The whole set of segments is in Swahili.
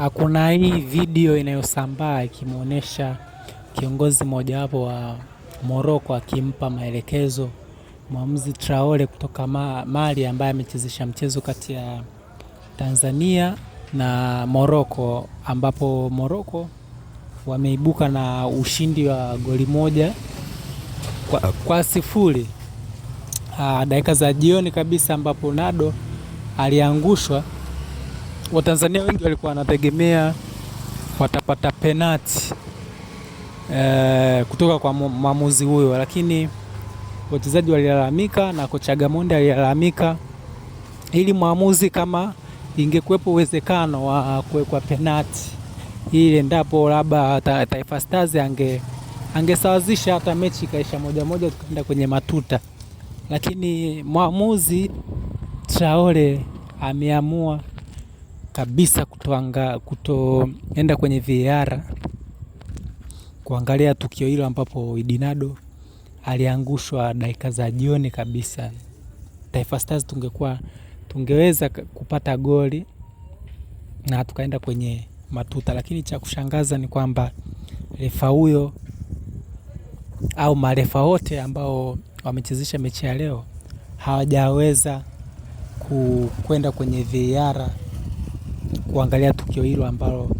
Ah, kuna hii video inayosambaa ikimwonyesha kiongozi mojawapo wa Morocco akimpa maelekezo mwamuzi Traore kutoka Mali ambaye amechezesha mchezo kati ya Tanzania na Morocco, ambapo Morocco wameibuka na ushindi wa goli moja kwa, kwa sifuri ah, dakika za jioni kabisa, ambapo Nado aliangushwa Watanzania wengi walikuwa wanategemea watapata penati e, eh, kutoka kwa mwamuzi huyo, lakini wachezaji walilalamika na kocha Gamonde alilalamika, ili mwamuzi kama ingekuwepo uwezekano wa kuwekwa penati ile, endapo labda ta, Taifa Stars ange angesawazisha hata mechi ikaisha moja moja tukaenda kwenye matuta, lakini mwamuzi Traore ameamua kabisa kutoanga, kutoenda kwenye VAR kuangalia tukio hilo ambapo Idinado aliangushwa dakika za jioni kabisa. Taifa Stars tungekuwa tungeweza kupata goli na tukaenda kwenye matuta, lakini cha kushangaza ni kwamba refa huyo au marefa wote ambao wamechezesha mechi ya leo hawajaweza kwenda kwenye VAR kuangalia tukio hilo ambalo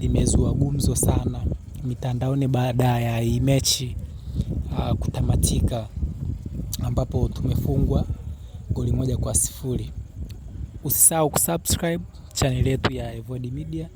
limezua gumzo sana mitandaoni baada ya hii mechi uh, kutamatika ambapo tumefungwa goli moja kwa sifuri. Usisahau kusubscribe chaneli yetu ya Evod Media.